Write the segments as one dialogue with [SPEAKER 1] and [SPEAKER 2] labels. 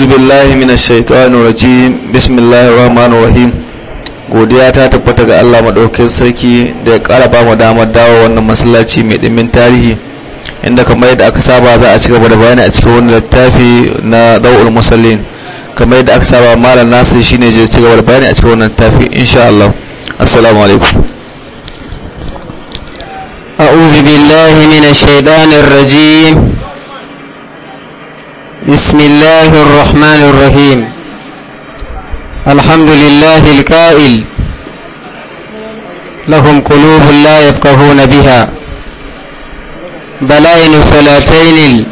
[SPEAKER 1] a'udhu billahi minash shaitanir rajim bismillahir rahmanir rahim godiya ta tabbata ga Allah madaukakin sarki da ya kara ba mu damar dawo wannan masallaci mai dimin tarihi inda kamar yadda aka saba za a ci gaba da bayani a cikin wannan littafi na dawul musallin kamar yadda aka saba malam nasir shine zai ci gaba da bayani a cikin wannan littafi insha Allah assalamu alaikum أعوذ بالله من الشيطان الرجيم بسم الله الرحمن الرحيم الحمد لله الكائل لهم قلوب لا يفقهون بها بلائن صلاتين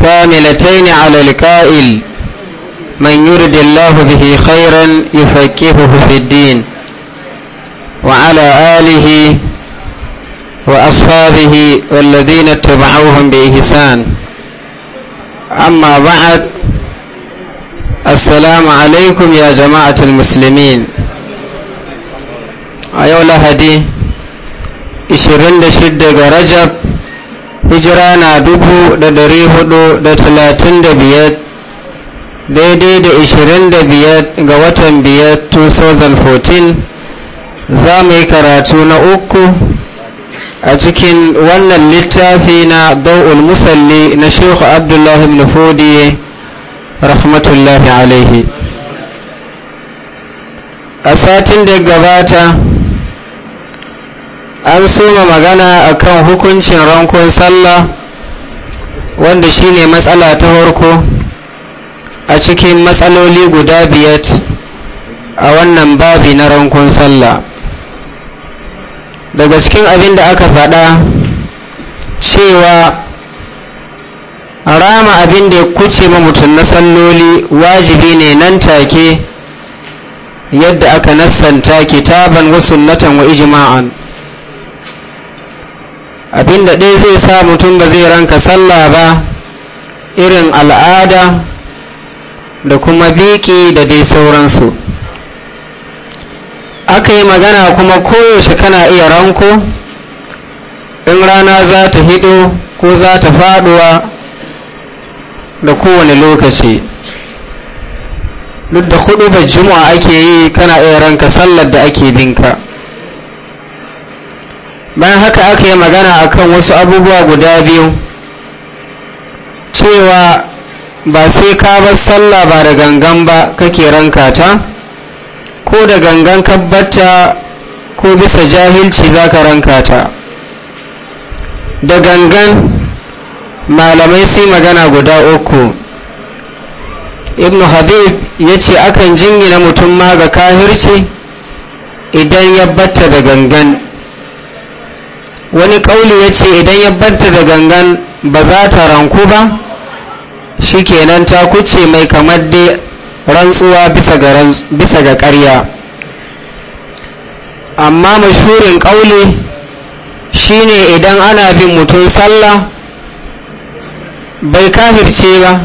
[SPEAKER 1] كاملتين على الكائل من يرد الله به خيرا يفكهه في الدين وعلى آله وأصحابه والذين اتبعوهم بإحسان أما بعد السلام عليكم يا جماعة المسلمين a yau lahadi 26 ga rajab hijira na 435 daidai da 25 ga watan 2014 za mu yi karatu na uku a cikin wannan littafi na dau'ul musalli na shehu abdullahi ibn rahmatullahi alaihi a satin da gabata an soma magana akan hukuncin rankon sallah wanda shine matsala ta farko a cikin matsaloli guda biyar a wannan babi na rankon sallah daga cikin abin da aka faɗa cewa rama abin da ya kuce ma mutum na salloli wajibi ne nan take yadda aka nassanta kitaban wa sunnatan wa ijma'an abin da ɗaya zai sa mutum ba zai ranka sallah ba irin al'ada da kuma biki da dai sauransu aka yi magana kuma koyaushe kana iya ranko in rana za ta hido ko za ta faduwa da kowane lokaci duk da hudu da juma'a ake yi kana iya ranka sallar da ake binka bayan haka aka yi magana akan wasu abubuwa guda biyu cewa ba sai ka bar sallah ba da gangan ba kake ranka ta ko da gangan kabbata ko bisa jahilci za ka ranka ta da gangan malamai sai magana guda uku ibnu habib ya ce akan jingina mutum ma ga kahirci idan ya batta da gangan wani ƙauli ya ce idan ya batta da gangan ba za ta ranku ba shikenan ta kuce mai kamar dai rantsuwa bisa ga karya. amma mashhurin ƙauli shine idan ana bin mutum sallah bai kafirce ba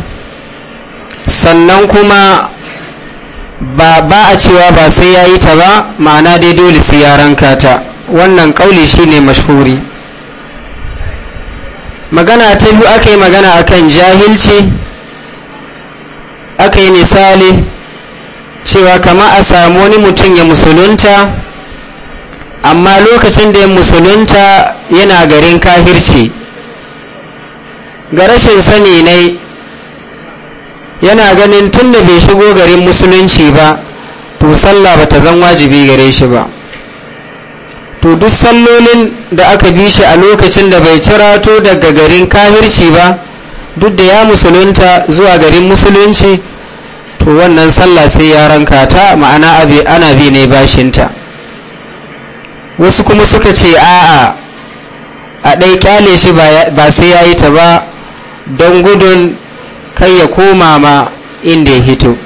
[SPEAKER 1] sannan kuma ba a cewa ba sai ya yi ta ba ma'ana dai dole sai ya ranka ta wannan ƙauli shine mashhuri magana ta biyu aka yi magana akan jahilci aka yi misali cewa kama a samu wani mutum ya musulunta amma lokacin da ya musulunta yana garin kahirci ga rashin sani ne yana ganin tun da bai shigo garin musulunci ba to sallah ba ta zan wajibi gare shi ba to duk sallolin da aka bi shi a lokacin da bai cirato daga garin kahirci ba duk da ya musulunta zuwa garin musulunci to wannan sallah sai ya ranka ta ma'ana ana bi ne bashinta wasu kuma suka ce a'a a ɗai kyale shi ba sai ya yi ta ba don gudun kai ya koma ma inda ya hito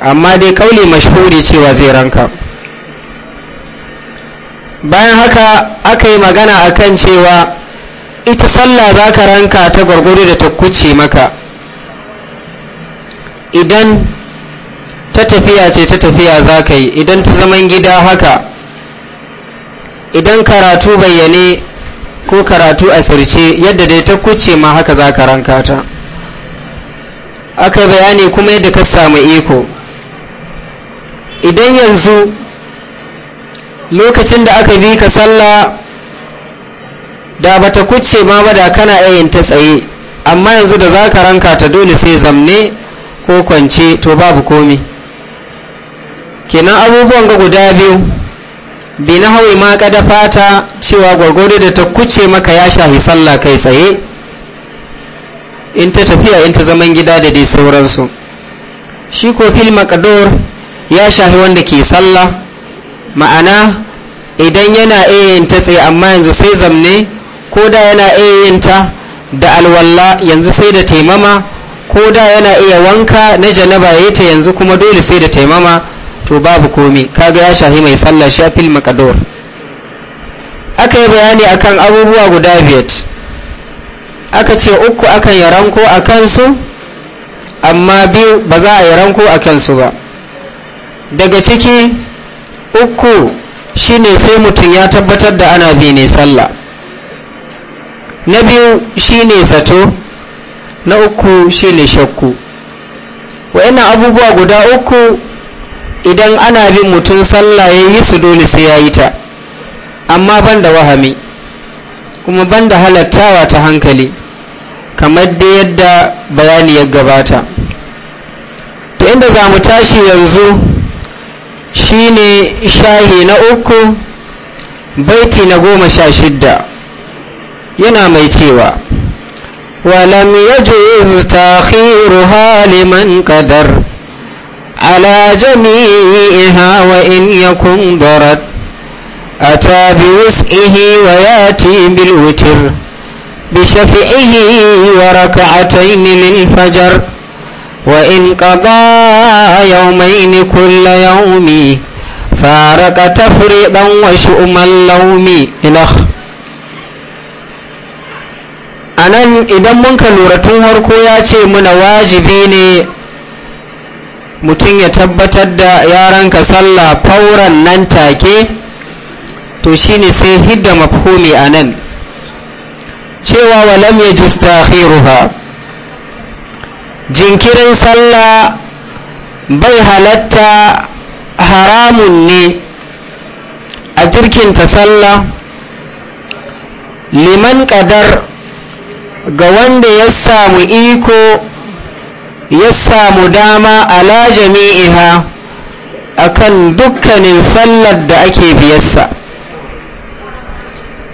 [SPEAKER 1] amma dai kauli mashhuri cewa zai ranka bayan haka aka yi magana akan cewa ita sallah za ka ranka ta gwargwado da ta kuce maka idan ta tafiya ce ta tafiya za ka yi idan ta zaman gida haka idan karatu bayyane ko karatu a sirce yadda dai ta kuce ma haka za ka ranka ta aka bayani kuma yadda ka samu iko idan yanzu lokacin da aka bi ka sallah da bata kuce ma ba da kana yayin ta tsaye amma yanzu da za ka ranka ta dole sai zamne ko kwance to babu komi kenan abubuwan ga guda biyu bi na hawi ma kada fata cewa gwargwado da ta kuce maka ya shafi sallah kai tsaye in ta tafiya in ta zaman gida da dai sauransu shi ko fil makador ya shafi wanda ke sallah ma'ana idan yana iya yin ta tsaye amma yanzu sai zamne ko da yana iya yin ta da alwalla yanzu sai da taimama ko da yana iya wanka na janaba yayi ta yanzu kuma dole sai da taimama to babu komi kaga ya shahi mai sallah shafil makador aka yi bayani akan abubuwa guda biyar aka ce uku akan yi ranko a kansu amma biyu ba za a yi ranko a kansu ba daga ciki uku shine sai mutum ya tabbatar da ana bi ne sallah na biyu shine sato na uku shine shakku wa'annan abubuwa guda uku idan ana bin mutum sallah ya yi su dole sai ya yi ta amma ban da wahami kuma ban da halattawa ta hankali kamar da yadda bayani ya gabata to inda za mu tashi yanzu shine shahi na uku baiti na goma sha shidda yana mai cewa ولم يجوز تأخيرها لمن قدر على جميعها وإن يكن ضرت أتى بوسعه وياتي بالوتر بشفعه وركعتين للفجر وإن قضى يومين كل يوم فارق تفريضا وشؤم اللوم إلخ a nan idan mun ka lura tun harko ya ce muna wajibi ne mutum ya tabbatar da yaran ka sallah fauran nan take to shi ne sai hidda mafhumi a nan cewa walam ya justakhiruha jinkirin sallah bai halatta haramun ne a jirkinta sallah liman kadar ga wanda ya samu iko ya samu dama ala jami'iha akan dukkanin sallar da ake biyarsa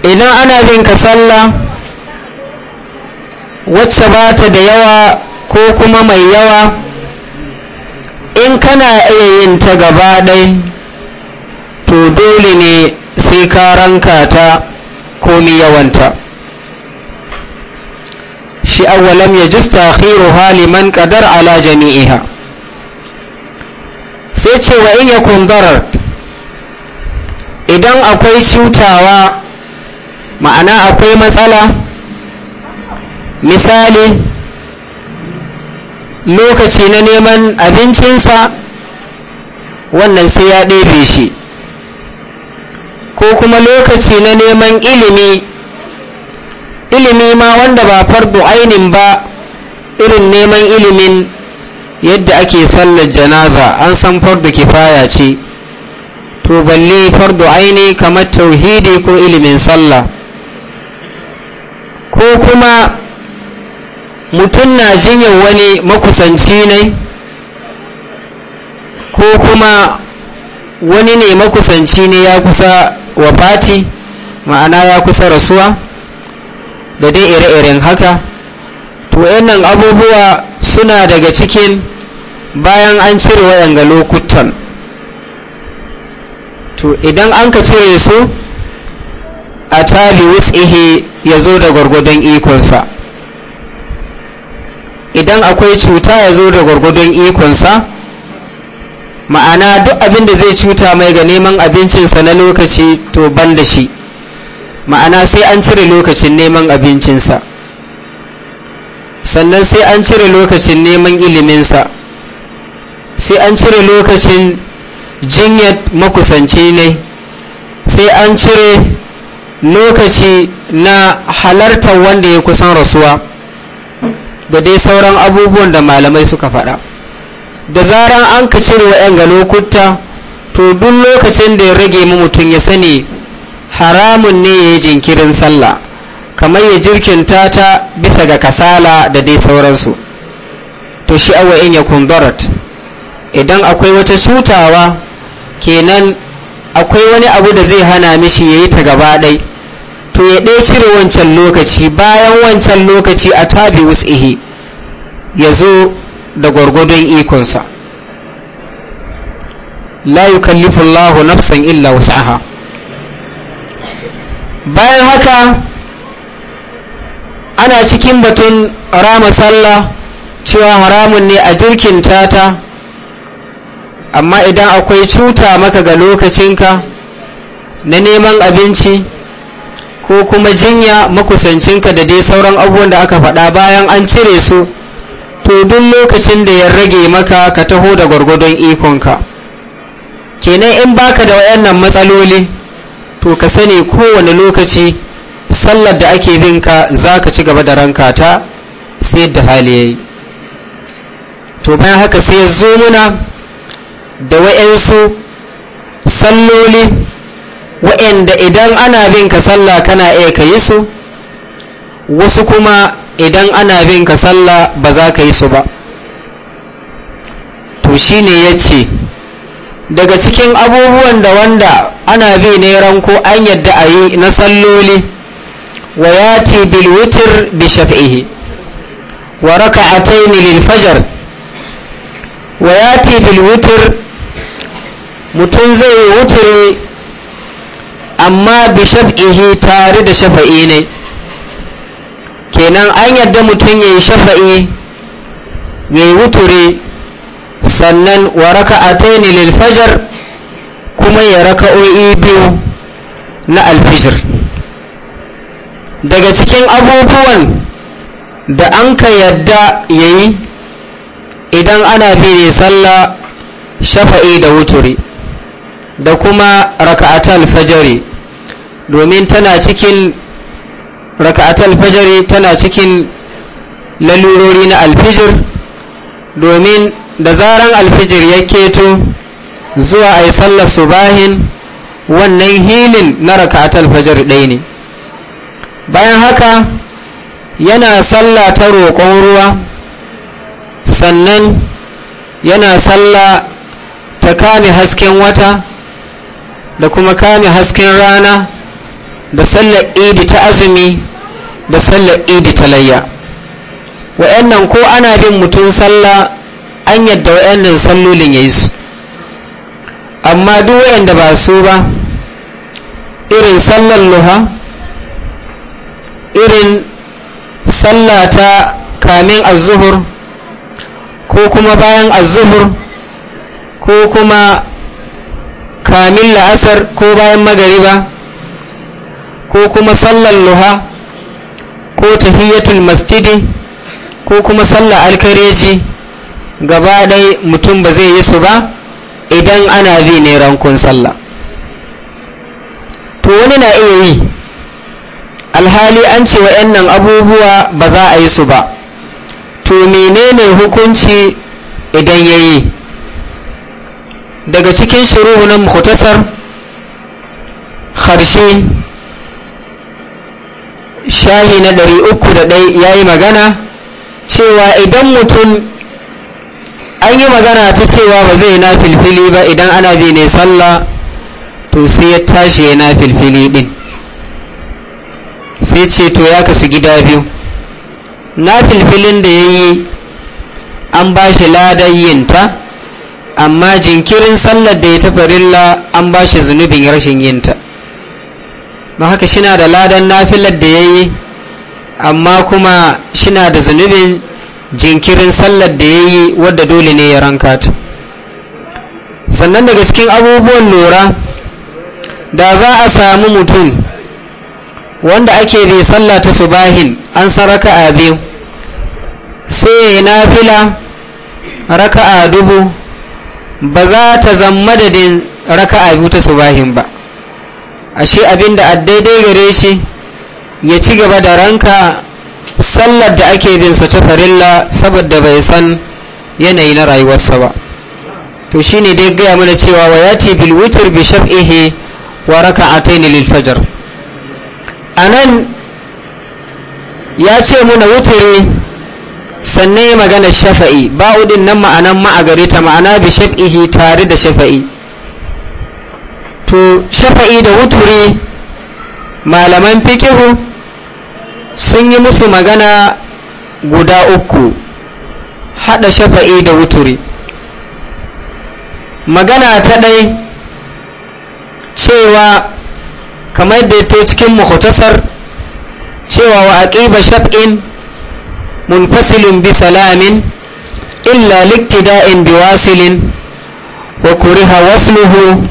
[SPEAKER 1] idan ana bin ka sallah wacce ba ta da yawa ko kuma mai yawa in kana iya yin ta gaba ɗai to dole ne sai ka ranka ta komi yawanta shi awwalam ya ji takhiruha haliman qadar ala jami'iha sai ce wa in ya darar idan akwai cutawa ma'ana akwai matsala misali lokaci na neman abincinsa wannan sai ya ɗebe shi ko kuma lokaci na neman ilimi ilimi ma wanda ba fardu ainin ba irin neman ilimin yadda ake sallar janaza an san fardu kifaya ce to balle fardu aini kamar tauhidi ko ilimin sallah ko kuma mutum na jinyar wani makusanci ne ko kuma wani ne makusanci ne ya kusa wa fati ma'ana ya kusa rasuwa da dai ire-iren haka to wannan abubuwa suna daga cikin bayan an cire waɗanga lokutan to idan an ka cire su a tali wutsihe ya zo da gwargwadon ikonsa idan akwai cuta ya zo da gwargwadon ikonsa ma'ana duk abin da zai cuta mai ga neman abincinsa na lokaci to ban da shi ma'ana sai an cire lokacin neman abincinsa sannan sai an cire lokacin neman iliminsa sai an cire lokacin jinyar makusanci ne sai an cire lokaci na halartar wanda ya kusan rasuwa da dai sauran abubuwan da malamai suka faɗa da zaran an ka cire wa 'yan ga lokuta to duk lokacin da ya rage mu mutum ya sani haramun ne ya yi jinkirin sallah kamar ya jirkinta ta bisa ga kasala da dai sauransu to shi awa in ya kundarat idan akwai wata sutawa kenan akwai wani abu da zai hana mishi ya yi ta gaba ɗai to ya ɗaya cire wancan lokaci bayan wancan lokaci a tabi wus'ihi ya zo da gwargwadon ikonsa la yukallifu nafsan illa wasu'aha bayan haka ana cikin batun rama sallah cewa haramun ne a jirkin tata amma idan akwai cuta maka ga lokacinka na neman abinci ko kuma jinya makusancinka da dai sauran abubuwan da aka faɗa bayan an cire su to duk lokacin da ya rage maka ka taho da gwargwadon ikonka kenan in baka da wayannan matsaloli to ka sani kowane lokaci sallar da ake binka za ka ci gaba da ranka ta sai yadda hali ya yi to bayan haka sai ya zo muna da wa'yansu salloli wa'yanda idan ana binka ka sallah kana iya ka yi su wasu kuma idan ana binka ka sallah ba za ka yi su ba to shine ya ce daga cikin abubuwan da wanda ana bi ne ranko an yadda a yi na salloli wa ya ce bilwitir bi wa raka a lil fajar wa ya ce bilwitir mutum zai yi wuturi amma bishaf'ii tare da shafa'i ne kenan an yadda mutum ya yi shafa'i ya yi wuturi sannan wa raka'ataini lil fajr kuma ya raka raka'o'i biyu na alfijir daga cikin abubuwan da an ka yadda ya yi idan ana bi sallah shafa'i da wuturi da kuma raka'atal fajari domin tana cikin raka'atal fajari tana cikin lalurori na alfijir domin da zaran alfijir ya keto zuwa a yi sallar bahin wannan hilin na rakatar alfijir ɗaya ne bayan haka yana salla ta roƙon ruwa sannan yana salla ta kame hasken wata da kuma kame hasken rana da sallar idi ta azumi da sallar idi ta layya wa'annan ko ana bin mutum sallah an yadda wa'annan sallolin ya yi su amma duk wa'anda ba su ba irin sallar luha irin sallata kamin azuhur ko kuma bayan azuhur ko kuma kamin la'asar ko bayan magariba ko kuma sallar luha ko tahiyatul masjidi ko kuma sallar alkareji gaba ɗai mutum ba zai yi su ba idan ana bi ne rankun sallah to wani na iya yi alhali an ce nan abubuwa ba za a yi su ba to menene hukunci idan ya yi daga cikin shiruhunan mukhtasar harshe shahi na uku 301 ya yi magana cewa idan mutum an yi magana ta cewa ba zai na filfili ba idan ana bi ne sallah to sai ya tashi ya na filfili din sai ce to ya kasu gida biyu na filfilin da ya yi an ba shi ladayinta amma jinkirin sallar da ya ta farilla an ba shi zunubin rashin yinta ma haka shina da ladan nafilar da ya yi amma kuma shina da zunubin jinkirin sallar da ya yi wadda dole ne ya ranka ta sannan daga cikin abubuwan lura da za a samu mutum wanda ake bi sallah ta subahin an san raka'a biyu sai ya nafila raka'a dubu ba za ta zama madadin raka'a biyu ta subahin ba ashe abinda addaidai gare shi ya ci gaba da ranka sallar da ake bin sa ta farilla saboda bai san yanayi na rayuwarsa ba to shine dai gaya mana cewa wa yati bil witr bi shar'ihi wa raka'atayn lil fajr anan ya ce muna wutare sannan ya magana shafa'i udin nan ma'anan ma a gare ta ma'ana bi shafihi tare da shafa'i to shafa'i da wuturi malaman fikihu sun yi musu magana guda uku hada shafa'i da wuturi magana ta ɗai cewa kamar da ta cikin mukhtasar cewa wa aqiba shaf'in munfasilin bi salamin illa liktida'in bi wasilin wa kuriha wasluhu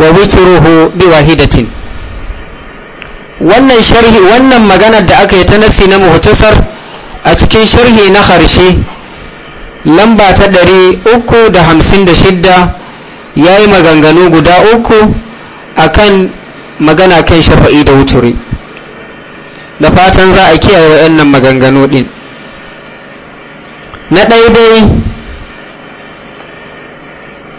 [SPEAKER 1] wa wuturuhu bi wahidatin wannan sharhi wannan maganar da aka yi ta nasi na muhtasar a cikin sharhi na harshe lamba ta ɗari uku hamsin da shida ya yi maganganu guda uku a kan magana kan shafa'i da wuturi da fatan za a kiyaye waɗannan maganganu ɗin na ɗaiɗai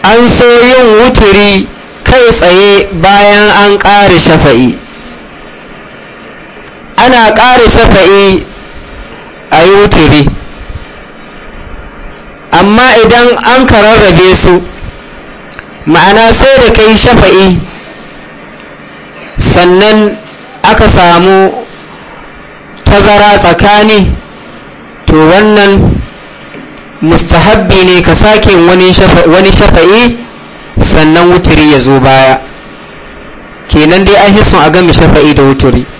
[SPEAKER 1] an so yin wuturi kai tsaye bayan an ƙare shafa'i ana ƙara shafa'i a yi wuturi amma idan an kararrabe su ma'ana sai da kai shafa'i sannan aka samu tazara tsakani to wannan mustahabbi ne ka sake wani shafa'i sannan wuturi ya zo baya kenan dai an hisun a gami shafa'i da wuturi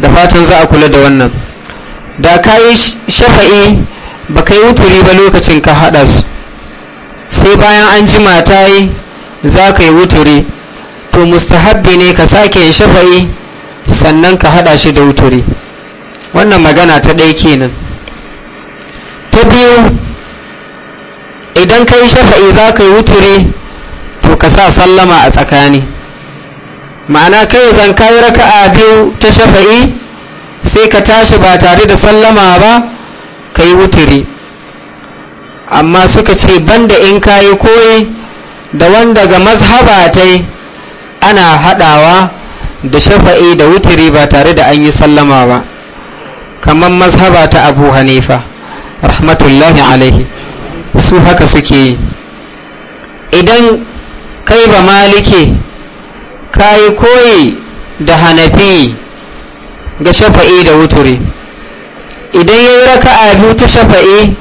[SPEAKER 1] da fatan za a kula da wannan da ka yi shafa'i ba ka yi wuturi ba lokacin ka haɗa su sai bayan an jima ta yi za ka yi wuturi to mustahabbi ne ka sake yin shafa'i sannan ka haɗa shi da wuturi wannan magana ta ɗaya kenan ta biyu idan ka yi shafa'i za ka yi wuturi to ka sa sallama a tsakani ma'ana kai zan kai raka'a biyu ta shafa'i sai ka tashi ba tare da sallama ba ka yi wuturi amma suka ce banda in kayi koyi da wanda ga mazhaba ta yi ana haɗawa da shafa'i da wuturi ba tare da an yi sallama ba kamar mazhaba ta abu hanifa rahmatullahi alaihi su haka suke yi idan kai ba malike kayi koyi da hanafi ga shafa'i da wuturi idan ya yi raka a biyu ta shafa'i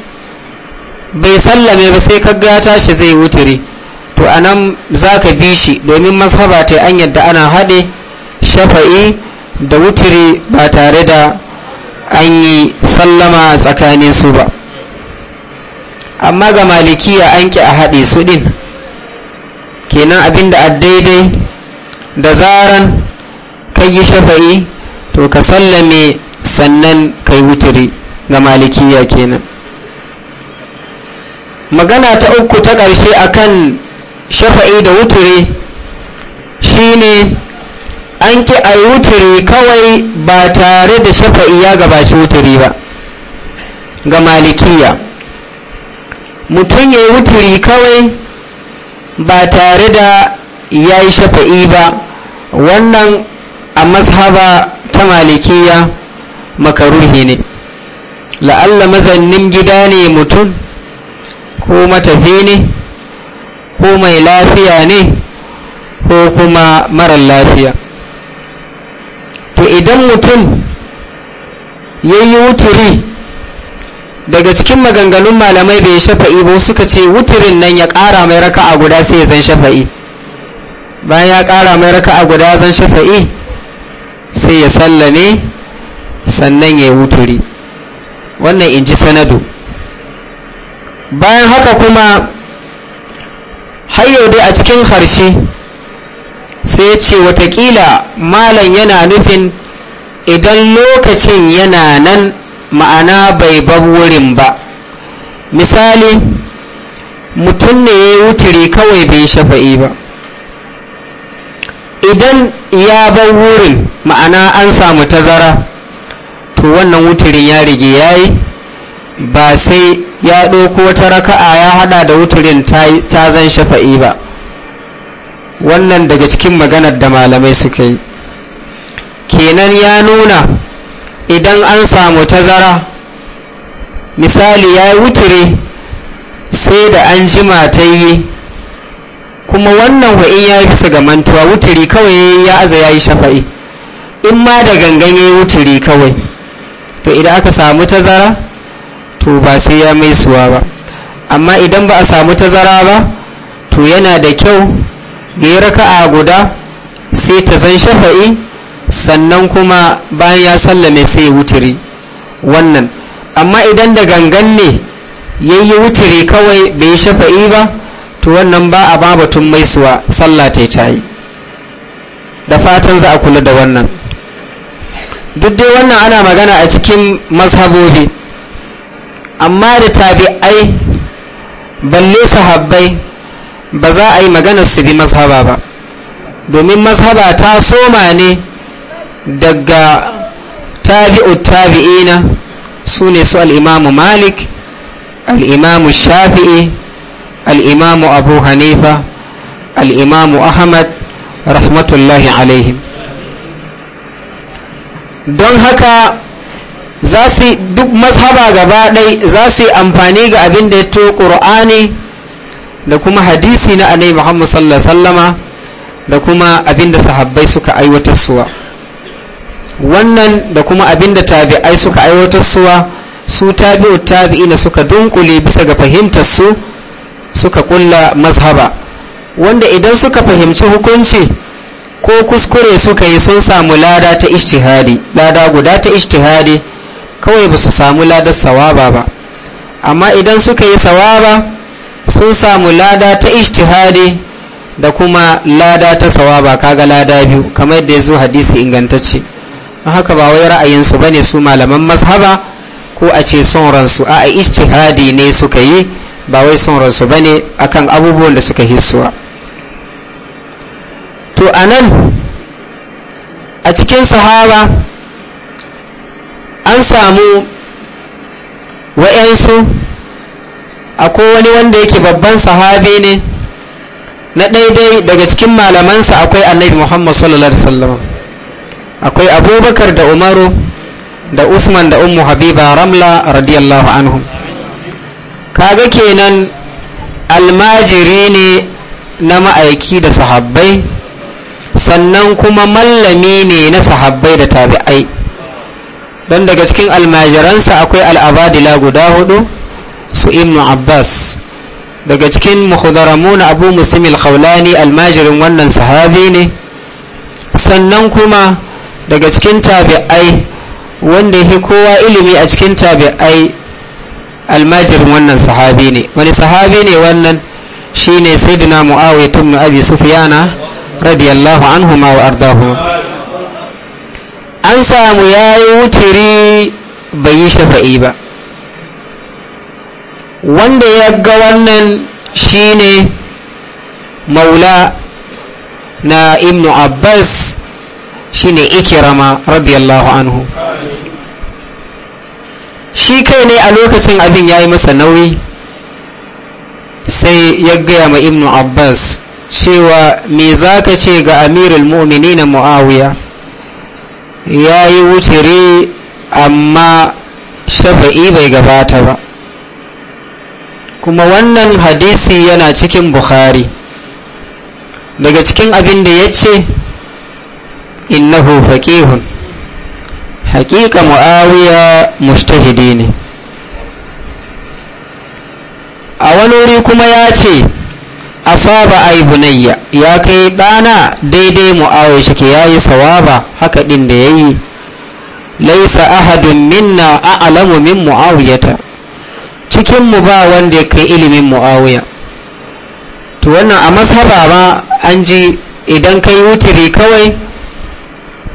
[SPEAKER 1] bai sallame ba sai kaga tashi zai wuturi to a nan za ka bi shi domin mazhaba ta an yadda ana haɗe shafa'i da wuturi ba tare da an yi sallama tsakanin su ba amma ga malikiya an ki a haɗe su ɗin kenan abinda a daidai da zaran kai yi shafa'i to ka sallame sannan kai wuturi ga malikiya kenan magana ta uku ta ƙarshe akan shafa'i da wuturi shine an ki a yi wuturi kawai ba tare da shafa'i ya gabaci wuturi ba ga malikiya mutum ya yi wuturi kawai ba tare da ya yi shafa'i ba wannan a mashaba ta malikiya makaruhi ne la'alla mazannin gida ne mutum ko matafi ne ko mai lafiya ne ko kuma mara lafiya to idan mutum ya yi wuturi daga cikin maganganun malamai bai shafa'i ba suka ce wuturin nan ya ƙara mai raka'a guda sai zan shafa'i bayan ya ƙara mai a guda zan shafa'i sai ya sallame sannan ya yi wuturi wannan in ji sanadu bayan haka kuma hayo dai a cikin harshe sai ya ce watakila malam yana nufin idan lokacin yana nan ma'ana bai bar wurin ba misali mutum ne ya yi wuturi kawai bai shafa'i ba idan ya bar wurin ma'ana an samu tazara to wannan wuturin ya rige ya yi ba sai ya ɗauko wata raka'a ya haɗa da wuturin ta zan shafa'i ba wannan daga cikin maganar da malamai suka yi kenan ya nuna idan an samu tazara misali ya yi wuturi sai da an jima ta yi kuma wannan wa'in ya yi bisa ga mantuwa wuturi kawai ya aza ya yi shafa'i in ma da gangan ya yi wuturi kawai to idan aka samu tazara to ba sai ya mai suwa ba amma idan ba a samu tazara ba to yana da kyau ya raka'a guda sai ta zan shafa'i sannan kuma bayan ya sallame sai wuturi wannan amma idan da gangan ne ya yi wuturi kawai bai shafa'i ba to wannan ba a babatun maisuwa sallah ta yi ta yi da fatan za a kula da wannan duk dai wannan ana magana a cikin mazhabobi amma da tabi'ai balle sahabbai ba za a yi maganar su bi mazhaba ba domin mazhaba ta soma ne daga tabi'u tabi'ina su ne su al'imamu malik al'imamu shafi'i الإمام أبو حنيفة الإمام أحمد رحمة الله عليهم don haka za su duk mazhaba gaba ɗai za su yi amfani ga abin da ya to ƙur'ani da kuma hadisi na anai muhammad sallallahu sallama da kuma abin da sahabbai suka aiwatar suwa wannan da kuma abin da tabi'ai suka aiwatar suwa su tabi'u na suka dunkule bisa ga fahimtar su suka kulla mazhaba wanda idan suka fahimci hukunci ko kuskure suka yi sun samu lada ta ishtihadi lada guda ta ishtihadi kawai ba su samu ladar sawaba ba amma idan suka yi sawaba sun samu lada ta ishtihadi da kuma lada ta sawaba kaga lada biyu kamar yadda ya zo hadisi ingantacce haka ba wai ra'ayinsu ba ne su malaman mazhaba ko a ce son ransu a ishtihadi ne suka yi ba wai son ransu ba ne akan abubuwan da suka hissuwa to a nan a cikin sahaba an samu wa'yansu akwai wani wanda yake babban sahabi ne na daidai daga cikin malamansa akwai annabi muhammad sallallahu alaihi wasallam akwai abubakar da umaru da usman da ummu habiba ramla radiyallahu anhu. kaga kenan almajiri ne na ma'aiki da sahabbai sannan kuma mallami ne na sahabbai da tabi'ai don daga cikin almajiransa akwai al'abadila guda hudu su ibnu abbas daga cikin mukhudaramun abu muslim al-khawlani almajirin wannan sahabi ne sannan kuma daga cikin tabi'ai wanda ya kowa ilimi a cikin tabi'ai almajirin wannan sahabi ne wani sahabi ne wannan shine sayyidina muawiya ibn abi sufiyana radiyallahu anhuma wa ardahu an samu yi wutiri bai yi shafa'i ba wanda ya ga wannan ne maula na ibn abbas shine ikirama radiyallahu anhu shi kai ne a lokacin abin ya yi masa nauyi sai ya gaya ma Ibn abbas cewa me za ka ce ga amirul mu'mini na mu'awiya ya yi wucire amma shafa'i bai gabata ba kuma wannan hadisi yana cikin bukhari daga cikin abin da ya ce innahu faqihun hakika mu'awiya mustahidi ne a wani wuri kuma ya ce asaba ai bunayya ya kai ɗana daidai mu'awiya shike ya yi sawaba haka ɗin da ya yi laisa ahadun minna a'lamu min mu'awiyata cikin mu ba wanda ya kai ilimin mu'awiya to wannan a mashaba ma an ji idan kai wutiri kawai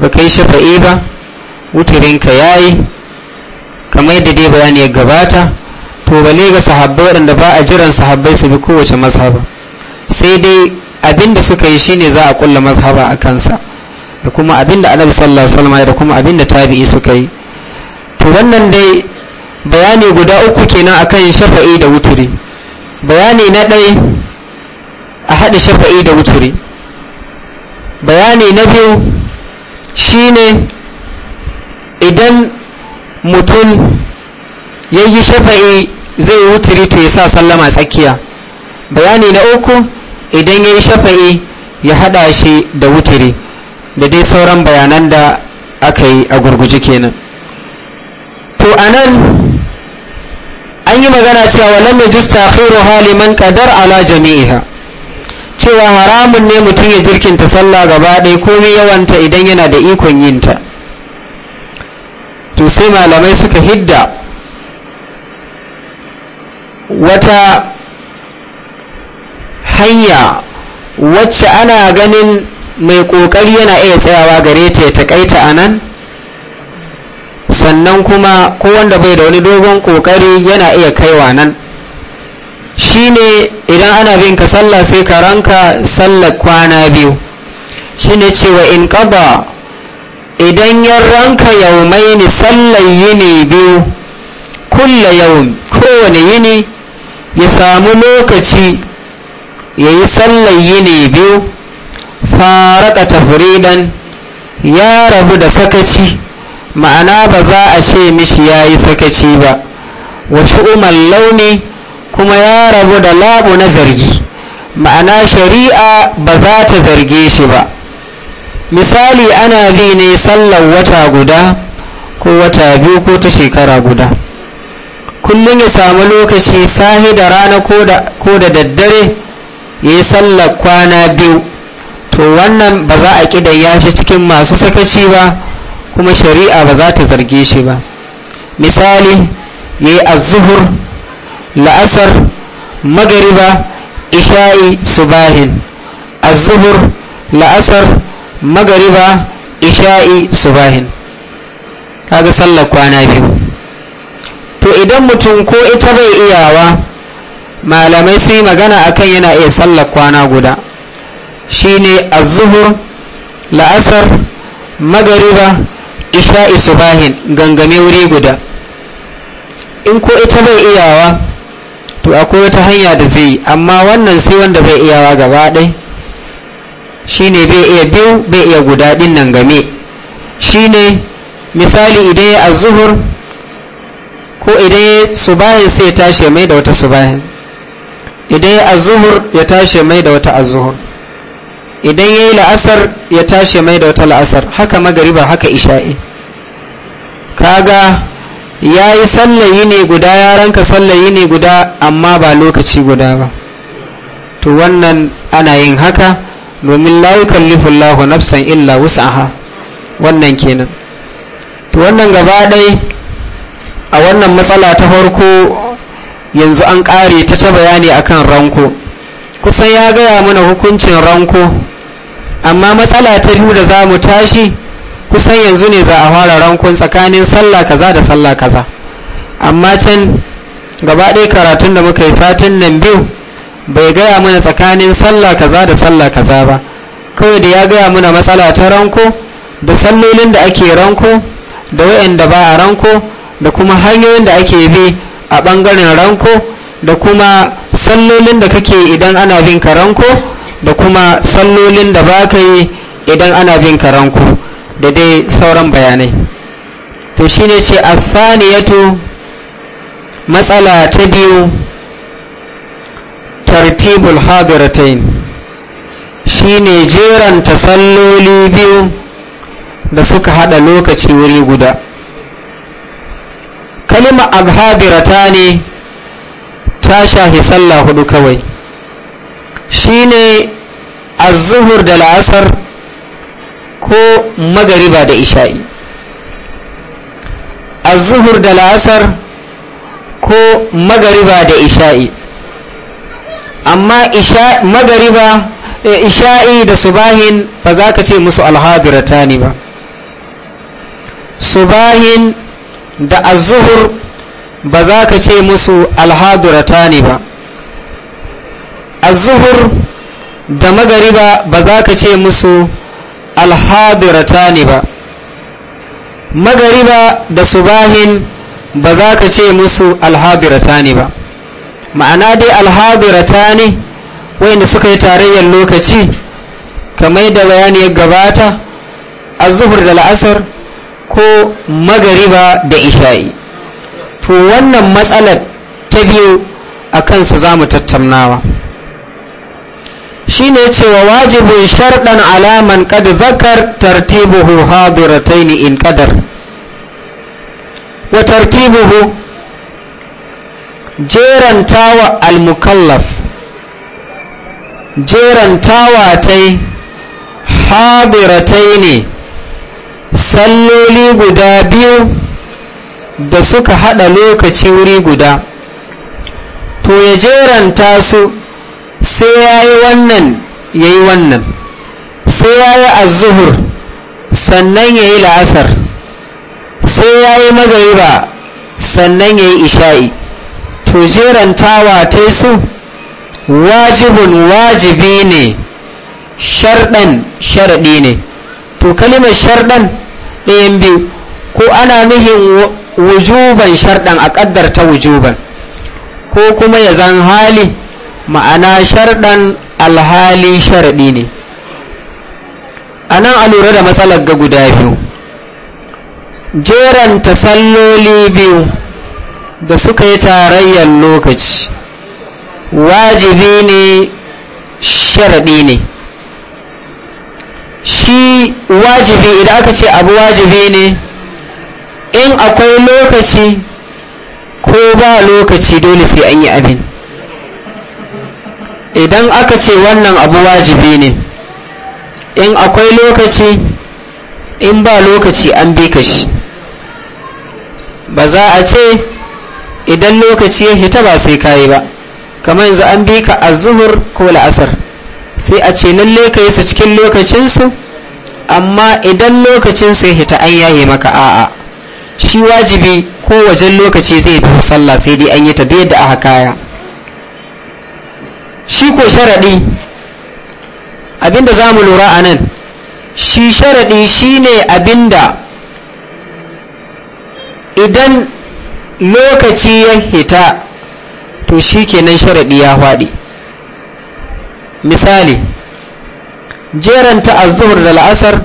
[SPEAKER 1] ba kai shafa'i ba Wutarinka ya yi kamar yadda dai bayani ya gabata to bale ga sahabbai waɗanda ba a jiran sahabbai su bi kowace mazhaba sai dai abin da suka yi shine za a kulla mazhaba a kansa da kuma abin da annabi sallallahu alaihi wasallam da kuma abin da tabi'i suka yi to wannan dai bayani guda uku kenan akan shafa'i da wuturi bayani na ɗaya a haɗa shafa'i da wuturi bayani na biyu shine idan mutum ya yi shafa'i zai wuturi to ya sa sallama tsakiya bayani na uku idan ya yi shafa'i ya haɗa shi da wuturi da dai sauran bayanan da aka yi a gurguji kenan to a nan an yi magana cewa walam ya justa akhiru haliman kadar ala jami'iha cewa haramun ne mutum ya jirkinta sallah gaba ɗaya komai yawanta idan yana da ikon yinta to sai malamai suka hidda wata hanya wacce ana ganin mai kokari yana iya tsayawa gare ta ya takaita a nan sannan kuma kowanda bai da wani dogon kokari yana iya kaiwa nan shi ne idan ana bin ka sallah sai ka ranka sallar kwana biyu shi ne cewa in kaba. idan ya ranka sallar sallan yini biyu kulla yau kowane yini ya samu lokaci ya yi sallan yini biyu faraka tafridan ya rabu da sakaci ma'ana ba za a ce mishi ya yi sakaci ba wacce umar launi kuma ya rabu da labu na zargi ma'ana shari'a ba za ta zarge shi ba misali ana bi ne sallar wata guda ko wata biyu ko ta shekara guda kullum ya samu lokaci sahi da rana ko da daddare ya yi sallar kwana biyu to wannan ba za a ya shi cikin masu sakaci ba kuma shari'a ba za ta zarge shi ba misali ya yi azuhur la'asar magariba isha'i subahin azuhur la'asar magariba isha'i subahin kaga sallar kwana biyu to idan mutum ko ita bai iyawa malamai sun yi magana akan yana iya sallar kwana guda shine azuhur la'asar magariba isha'i subahin gangame wuri guda in ko ita bai iyawa to akwai wata hanya da zai yi. amma wannan sai wanda bai iyawa gaba ɗaya shine bai iya biyu bai iya guda din nan game shine misali idan ya azuhur ko idan ya subahin sai ya tashi mai da wata subahin idan ya azuhur ya tashi mai da wata azuhur idan ya yi la'asar ya tashi mai da wata la'asar haka magariba haka isha'i kaga ya yi sallayi ne guda ka sallayi ne guda amma ba lokaci guda ba to wannan ana yin haka domin la yukallifu lahu nafsan illa wus'aha wannan kenan to wannan gaba dai a wannan matsala ta farko yanzu an kare ta ta bayani akan ranko kusan ya gaya mana hukuncin ranko amma matsala ta biyu da za mu tashi kusan yanzu ne za a fara rankon tsakanin sallah kaza da sallah kaza amma can gaba ɗaya karatun da muka yi satin nan biyu bai gaya mana tsakanin sallah kaza da sallah kaza ba kawai da ya gaya mana matsala ta ranko da sallolin da ake ranko da wa'anda ba a ranko da kuma hanyoyin da ake bi a bangaren ranko da kuma sallolin da kake idan ana bin ka ranko da kuma sallolin da baka yi idan ana bin ka ranko da dai sauran bayanai to shine ce a matsala ta biyu tartibul hadiratain shine jeranta salloli biyu da suka hada lokaci wuri guda kalima alhadiratani ne ta shahi sallah hudu kawai shine azuhur da la'asar ko magariba da isha'i da la'asar ko magariba da isha'i amma magariba eh, isha'i da subahin ba za ka ce musu alhadirata ne ba subahin da azuhur ba za ka ce musu alhadirata ne ba azuhur da magariba ba za ka ce musu alhadirata ne ba magariba da subahin ba za ka ce musu alhadirata ne ba ma'ana dai alhadirata ne wayanda suka yi tarayyar lokaci kamar da bayani ya gabata azuhur da la'asar ko magariba da isha'i to wannan matsalar ta biyu a kansa za tattaunawa shine cewa wajibin sharɗan alaman qad zakar tartibuhu hadiratayn in qadar wa tartibuhu jerantawa al-mukallaf jerantawa ta yi habiratai ne salloli guda biyu da suka hada lokaci wuri guda to ya jeranta su sai ya yi wannan ya yi wannan sai ya yi azuhur sannan ya yi la'asar sai ya yi magariba sannan ya yi isha'i to jerantawa ta su wajibin wajibi ne sharɗan sharaɗi ne to kalimar sharɗan ɗayan biyu ko ana nuhin wujuban sharɗan a ta wujuban ko kuma ya zan hali ma'ana sharɗan alhali sharaɗi ne a nan a lura da matsalar ga guda biyu jeranta salloli biyu da suka yi tarayyar lokaci wajibi ne sharaɗi ne shi wajibi idan aka ce abu wajibi ne in akwai lokaci ko ba lokaci dole sai an yi abin idan aka ce wannan abu wajibi ne in akwai lokaci in ba lokaci an bi ka shi ba za a ce idan lokaci ya hita ba sai kayi ba kamar yanzu an bi ka azuhur ko la'asar sai a ce lalle ka yi su cikin lokacinsu amma idan lokacin ya hita an yaye maka a'a shi wajibi ko wajen lokaci zai fi sallah sai dai an yi ta da aka kaya shi ko sharaɗi abinda za mu lura a nan shi sharaɗi shine abinda idan lokaci ya hita to shi kenan sharaɗi ya faɗi misali jeranta azuhur da la'asar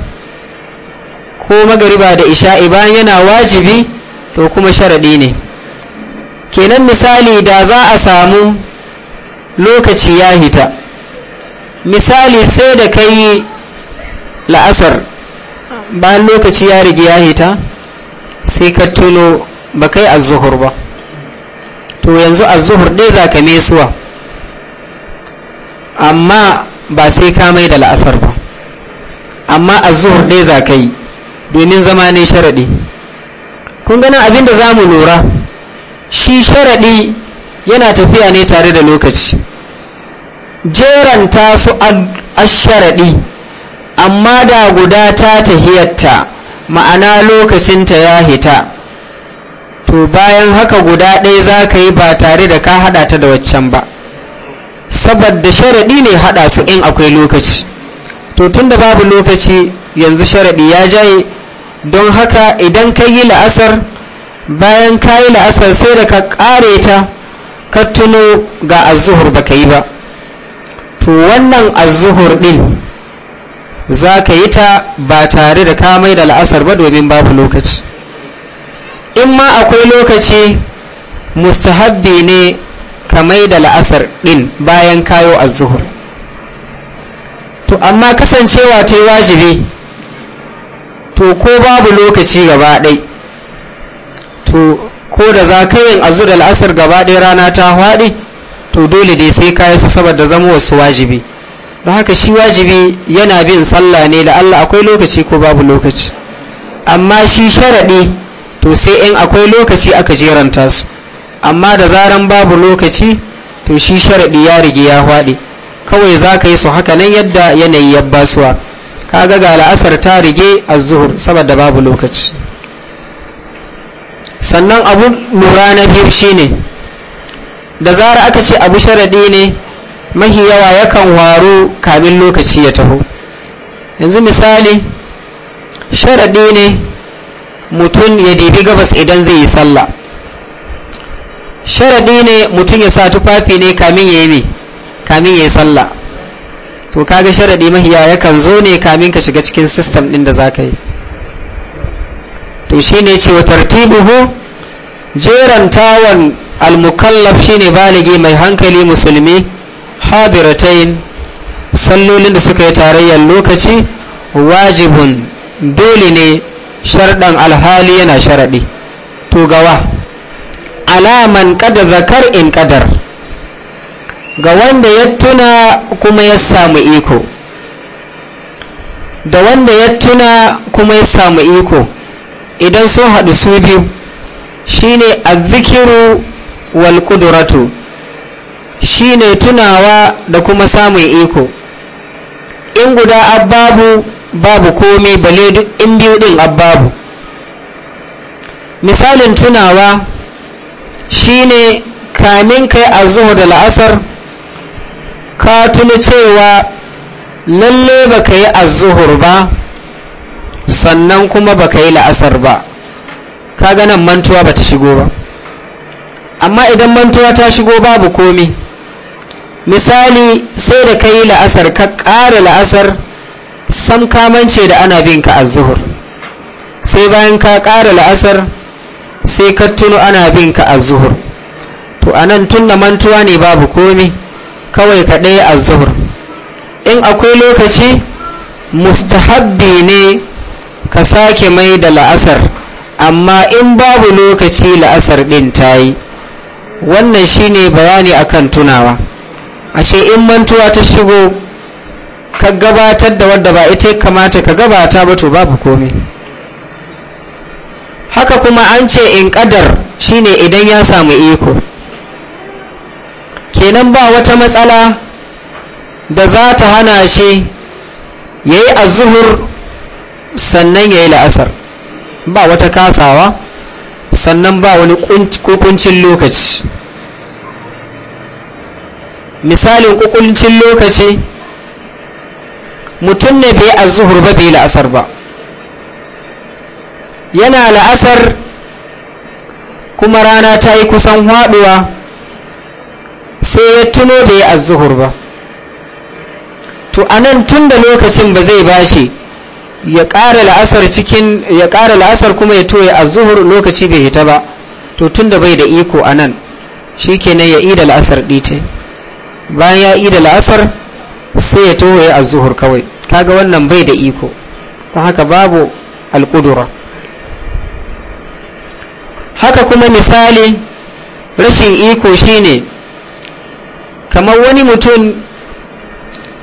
[SPEAKER 1] ko magariba da isha'i bayan yana wajibi to kuma sharaɗi ne kenan misali da za a samu lokaci ya hita misali sai da kai la'asar bayan lokaci ya rigi ya hita sai ka tuno ba kai azuhur ba to yanzu azuhur dai za ka mesuwa amma ba sai ka mai da la'asar ba amma azuhur dai za ka yi domin zama ne sharaɗi kun gana abin da za mu lura shi sharaɗi yana tafiya ne tare da lokaci jeranta su a sharaɗi amma da guda ta tahiyatta ma'ana lokacinta ya hita to bayan haka guda ɗaya za ka yi ba tare da ka haɗa ta da waccan ba saboda sharaɗi ne haɗa su in akwai lokaci to tun da babu lokaci yanzu sharaɗi ya jaye don haka idan ka yi la'asar bayan ka yi la'asar sai da ka ƙare ta ka tuno ga azuhur ba ka yi ba to wannan azuhur ɗin za ka yi ta ba tare da ka mai da la'asar ba domin babu lokaci in ma akwai lokaci mustahabbi ne ka mai da la'asar ɗin bayan kayo a zuhur. to amma kasancewa ta yi wajibi to ko babu lokaci gaba ɗai to ko da za ka yin azu da la'asar gaba ɗaya rana ta haɗi to dole dai sai kayo su saboda zama wasu wajibi don haka shi wajibi yana bin sallah ne da allah akwai lokaci ko babu lokaci amma shi sharaɗi to sai in akwai lokaci aka jeranta su amma da zaran babu lokaci to shi sharaɗi ya rige ya fade. kawai za ka yi su haka nan yadda yanayi ya basuwa Ka ga ga la'asar ta rige a zuhur saboda babu lokaci sannan abu lura na biyu shine da zara aka ce abu sharaɗi ne mahi yawa yakan waro kamin lokaci ya taho yanzu misali sharaɗi ne mutum ya dibi gabas idan zai yi sallah sharadi ne mutum ya sa tufafi ne kamin ya yi kamin ya yi sallah to kaga sharadi mahiya yakan zo ne kamin ka shiga cikin system din da za ka yi to shine cewa tartibuhu jerantawan almukallaf shine baligi mai hankali musulmi habiratain sallolin da suka yi tarayyar lokaci wajibun dole ne sharɗan alhali yana sharaɗi to gawa alaman kada zakar in kadar ga wanda ya tuna kuma ya samu iko da wanda ya tuna kuma ya samu iko idan sun haɗu su biyu shine azzikiru wal kudratu shine tunawa da kuma samun iko in guda ababu babu komai bale duk in biyu din ababu. misalin tunawa shine kamin kai a zuwa da la'asar ka tuni cewa lalle baka yi azuhur ba sannan kuma baka yi la'asar ba ka ganin mantuwa ba ta shigo ba amma idan mantuwa ta shigo babu komi misali sai da ka yi la'asar ka ƙara la'asar sam kamance da ana bin ka a zuhur sai bayan ka ƙara la'asar sai ka tuno ana bin ka a zuhur to a nan tun da mantuwa ne babu komi kawai ka ɗaya zuhur in akwai lokaci mustahabbi ne ka sake mai da la'asar amma in babu lokaci la'asar ɗin ta yi wannan shine bayani akan tunawa ashe in mantuwa ta shigo ka gabatar da wadda ba ita ya kamata ka gabata ba to babu komai haka kuma an ce in kadar shine idan ya samu iko kenan ba wata matsala da za ta hana shi ya yi azuhur sannan ya yi la'asar ba wata kasawa sannan ba wani kukuncin lokaci misalin kukuncin lokaci mutum ne bai a zuhur ba bai la'asar ba yana la'asar kuma rana ta yi kusan haɗuwa sai ya tuno bai azuhur ba to anan tun da lokacin ba zai bashi ya ƙara la'asar cikin ya ƙara la'asar kuma ya toye azuhur lokaci bai hita ba to tun da bai da iko anan kenan ya ida la'asar ɗite bayan ya da la'asar sai ya toho ya azuhur kawai kaga wannan bai da iko ta haka babu alƙudura haka kuma misali rashin iko shine kamar wani mutum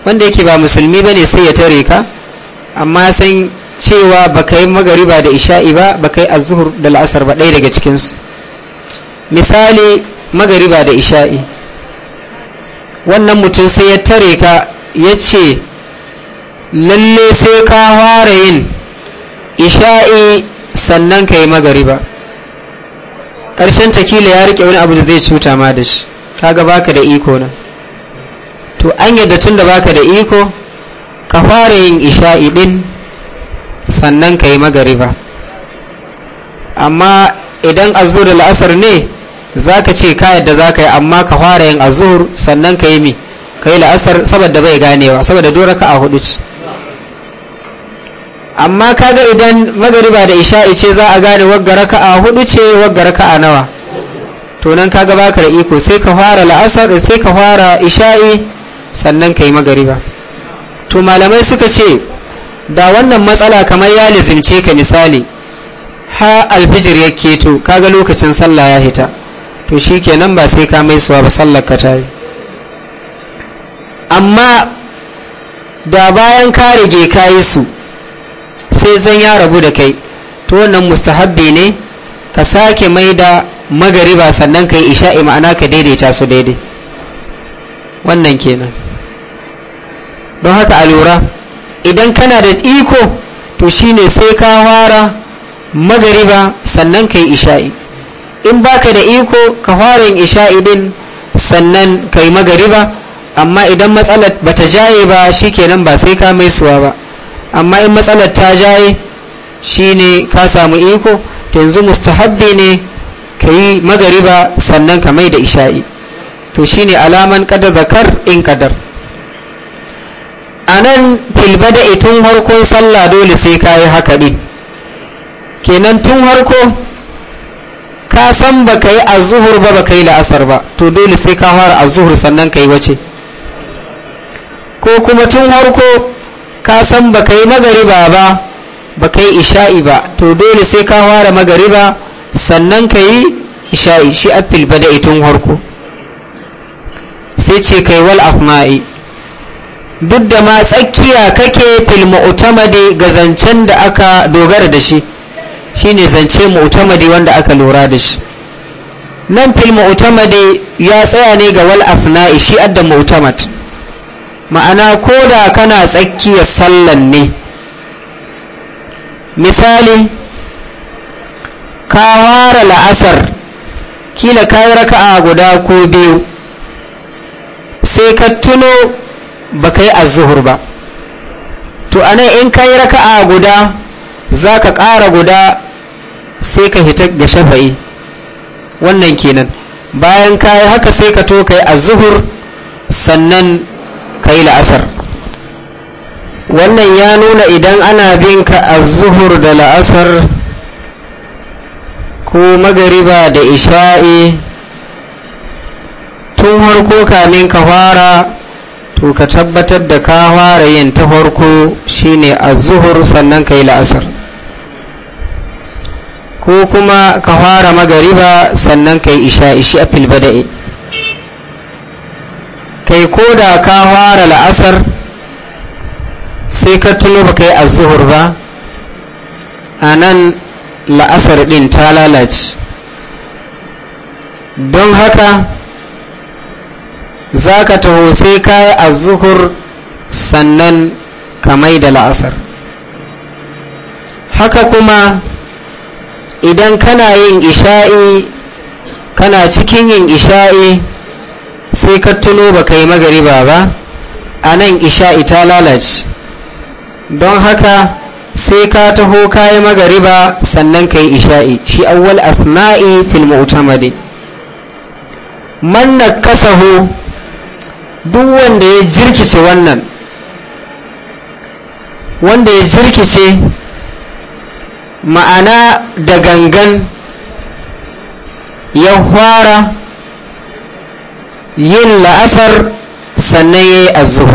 [SPEAKER 1] wanda yake ba musulmi ba ne sai ya tare ka amma san cewa ba ka yi magariba da isha'i ba ba ka yi azuhur da la'asar ba ɗaya daga cikinsu misali magariba da isha'i wannan mutum sai ya tare ka ya ce lalle sai ka fara yin isha'i sannan ka yi magariba ƙarshen takila ya riƙe wani abu da zai cuta ma da shi kaga baka da iko nan to an yadda tun da baka da iko ka fara yin isha'i din sannan ka yi magariba amma idan azur da la'asar ne za ka ce ka yadda za ka yi amma ka fara yin azur sannan ka yi mi ka yi la'asar saboda bai ganewa saboda dora ka a hudu ce amma kaga idan magariba da isha'i ce za a gane waggara ka a hudu ce waggara ka a nawa to nan kaga ka da iko sai ka fara la'asar sai ka fara isha'i sannan ka yi magariba to malamai suka ce da wannan matsala kamar ya lizimce ka misali ha alfijir ya keto kaga lokacin sallah ya hita to shi kenan ba sai ka mai suwa ba sallaka ka tare amma da bayan ka rige ka yi su sai zan ya rabu da kai to wannan mustahabbi ne ka sake mai da magariba sannan ka yi isha'i ma'ana ka daidaita su daidai wannan kenan don haka a lura idan kana da iko to shine sai ka fara magariba sannan ka yi isha'i in baka da iko ka fara yin isha'i ɗin sannan kai magariba amma idan matsalar bata jaye ba shi kenan ba sai ka mai suwa ba amma in matsalar ta jaye shine ka samu iko to yanzu mustahabbi ne ka yi magariba sannan ka mai da isha'i to shine alaman kada zakar in kadar a nan filbada tun harkon sallah dole sai ka yi haka ɗin kenan tun harko ka san ba ka yi azuhur ba ba ka yi la'asar ba to dole sai ka fara azuhur sannan ka yi wace ko kuma tun harko ka san ba ka yi magariba ba ba ka yi isha'i ba to dole sai ka fara magariba sannan ka yi isha'i shi afil ba da itun harko sai ce kai wal afma'i duk da ma tsakiya kake fil mu'tamadi da gazancen da aka dogara da shi shine zance mu'tamadi wanda aka lura da shi nan fil mu'tamadi ya tsaya ne ga wal afna'i shi adda mu'tamad ma'ana ko koda kana tsakiyar sallan ne misali ka ware la'asar kila ka yi raka'a guda ko biyu sai ka tuno ba ka yi azuhur ba to anai in ka yi raka'a guda za ka ƙara guda sai ka hita ga shafa'i wannan kenan bayan ka yi haka sai ka to ka yi azuhur sannan ka yi la'asar wannan ya nuna idan ana bin ka azuhur da la'asar ko magariba da isha'i tun harko kamin ka fara to ka tabbatar da ka fara yin ta farko shine azuhur sannan ka yi la'asar ko kuma ka fara magariba sannan ka yi a shi a filbada'i kai ko da ka fara la'asar sai ka tuno ba ka yi azuhur ba a nan la'asar ɗin ta lalace don haka za ka taho sai ka yi azuhur sannan ka mai da la'asar haka kuma idan kana yin isha'i kana cikin yin isha'i sai ka tuno ba ka yi magariba ba a nan isha'i ta lalace don haka sai ka taho ka yi magariba sannan ka yi isha'i shi awwal Asma'i fil mu'tamadi man nakasahu duk wanda ya jirkice wannan wanda ya jirkice ma'ana da gangan ya fara yin la'asar sannan ya yi azur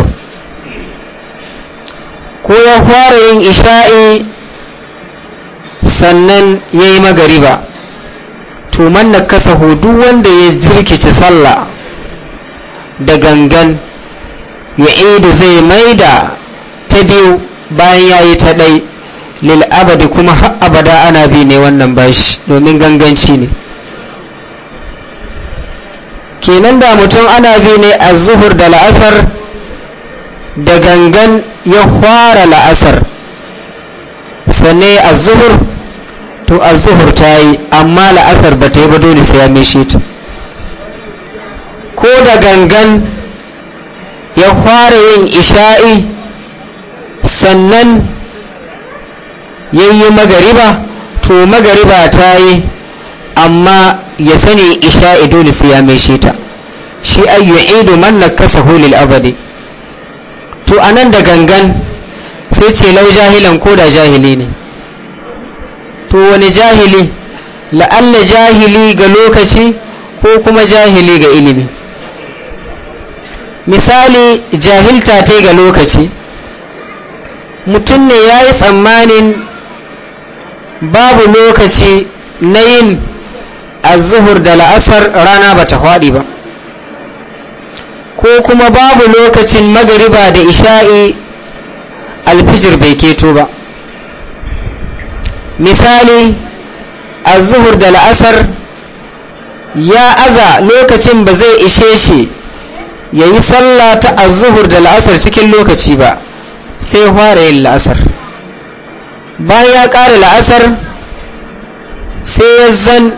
[SPEAKER 1] ko ya fara yin isha'i sannan ya yi magariba to man na kasa hudu wanda ya jirkice sallah da gangan ya zai maida ta biyu bayan ya yi ta ɗai lil'abadi kuma har abada ana bi ne wannan bashi domin ganganci ne kenan da mutum ana bi ne a zuhur da la'asar da gangan ya fara la'asar sannan a zuhur to a zuhur ta yi amma la'asar ba ta yi ba dole sai ya mishe ta ko da gangan ya fara yin isha'i sannan yayi magariba to magariba ta yi amma ya sani isha'i dole sai ya mai shi ta shi ayyu'idu man nakasahu lil abadi to anan da gangan sai ce lau jahilan ko da jahili ne to wani jahili la'alla jahili ga lokaci ko kuma jahili ga ilimi misali jahilta ta ga lokaci mutum ne ya yi tsammanin babu lokaci na yin azuhur da la'asar rana ba ta faɗi ba ko kuma babu lokacin magariba da isha'i alfijir bai keto ba misali azuhur da la'asar ya aza lokacin ba zai ishe shi ya yi sallah ta azuhur da la'asar cikin lokaci ba sai fara yin la'asar bayan ya ƙara la'asar sai ya zan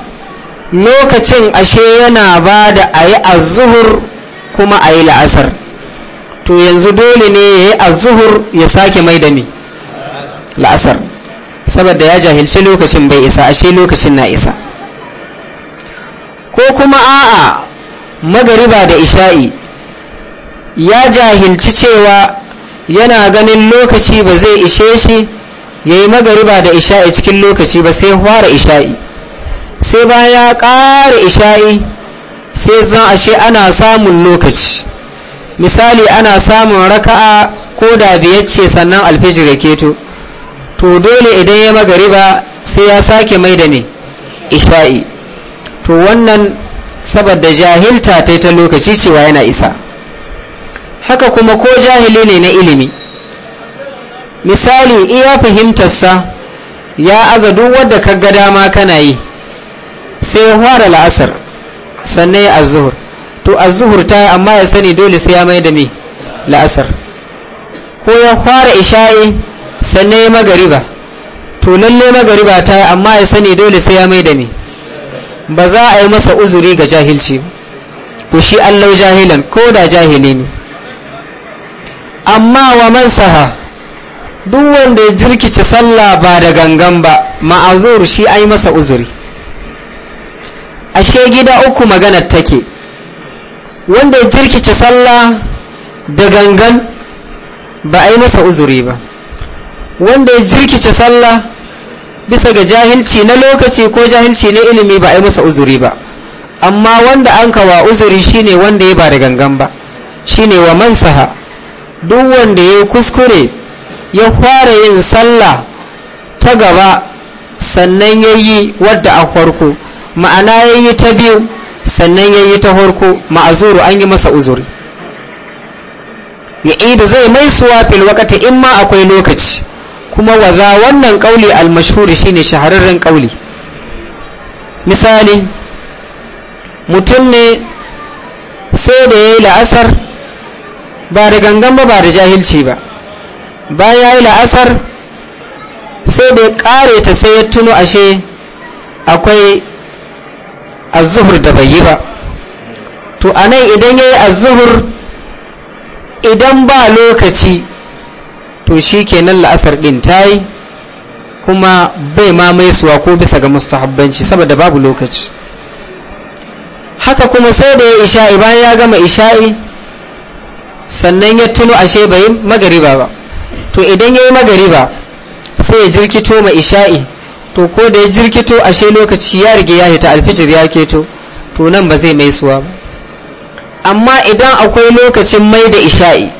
[SPEAKER 1] lokacin ashe yana ba da a yi azuhur kuma a yi la'asar to yanzu dole ne ya yi azuhur ya sake mai da mi la'asar saboda ya jahilci lokacin bai isa ashe lokacin na isa ko kuma a'a magariba da isha'i ya jahilci cewa yana ganin lokaci ba zai ishe shi yayi magariba da isha'i cikin lokaci ba sai fara isha'i sai bayan ya ƙara isha'i sai zan ashe ana samun lokaci misali ana samun raka'a ko da biyar ce sannan alfijir da keto to dole idan ya magariba sai ya sake mai da ni isha'i to wannan saboda jahilta ta ta lokaci cewa yana isa haka kuma ko jahili ne na ilimi misali iya fahimtarsa ya aza duk wadda ka ga dama kana yi sai ya fara la'asar sannan ya azuhur to azuhur ta amma ya sani dole sai ya mai da me la'asar ko ya fara isha'i sannan ya magariba to lalle magariba ta amma ya sani dole sai ya mai da me ba za a yi masa uzuri ga jahilci ko shi allau jahilan ko da jahili ne amma wa man saha duk wanda ya jirkice sallah ba da gangan ba ma'azur shi ai masa uzuri ashe gida uku magana take wanda ya jirkice sallah da gangan ba ai yi masa uzuri ba wanda ya jirkice sallah bisa ga jahilci na lokaci ko jahilci na ilimi ba ai yi masa uzuri ba amma wanda an kawa uzuri shine wanda ya ba da gangan ba shine wa mansaha duk wanda ya kuskure ya fara yin sallah ta gaba sannan ya yi wadda a farko ma'ana ya yi ta biyu sannan ya yi ta farko ma'azuru an yi masa uzuri ya ida zai mai suwa fil wakata in ma akwai lokaci kuma waza wannan kauli almashhur shine shahararren kauli misali mutum ne sai da ya yi la'asar ba da gangan ba ba da jahilci ba bayan ya yi la'asar sai bai kare ta sai ya tuno ashe akwai azuhur da bai yi ba to a nan idan ya yi azuhur idan ba lokaci to shi kenan la'asar ɗin ta yi kuma bai ma suwa ko bisa ga mustahabbanci saboda babu lokaci haka kuma sai da ya isha'i bayan ya gama isha'i sannan ya tuno ashe bai magariba ba to idan ya yi magariba sai ya jirkito ma isha'i to ko da ya jirkito ashe lokaci ya rige ya ta alfijir ya keto to nan ba zai mai suwa ba amma idan akwai lokacin mai da isha'i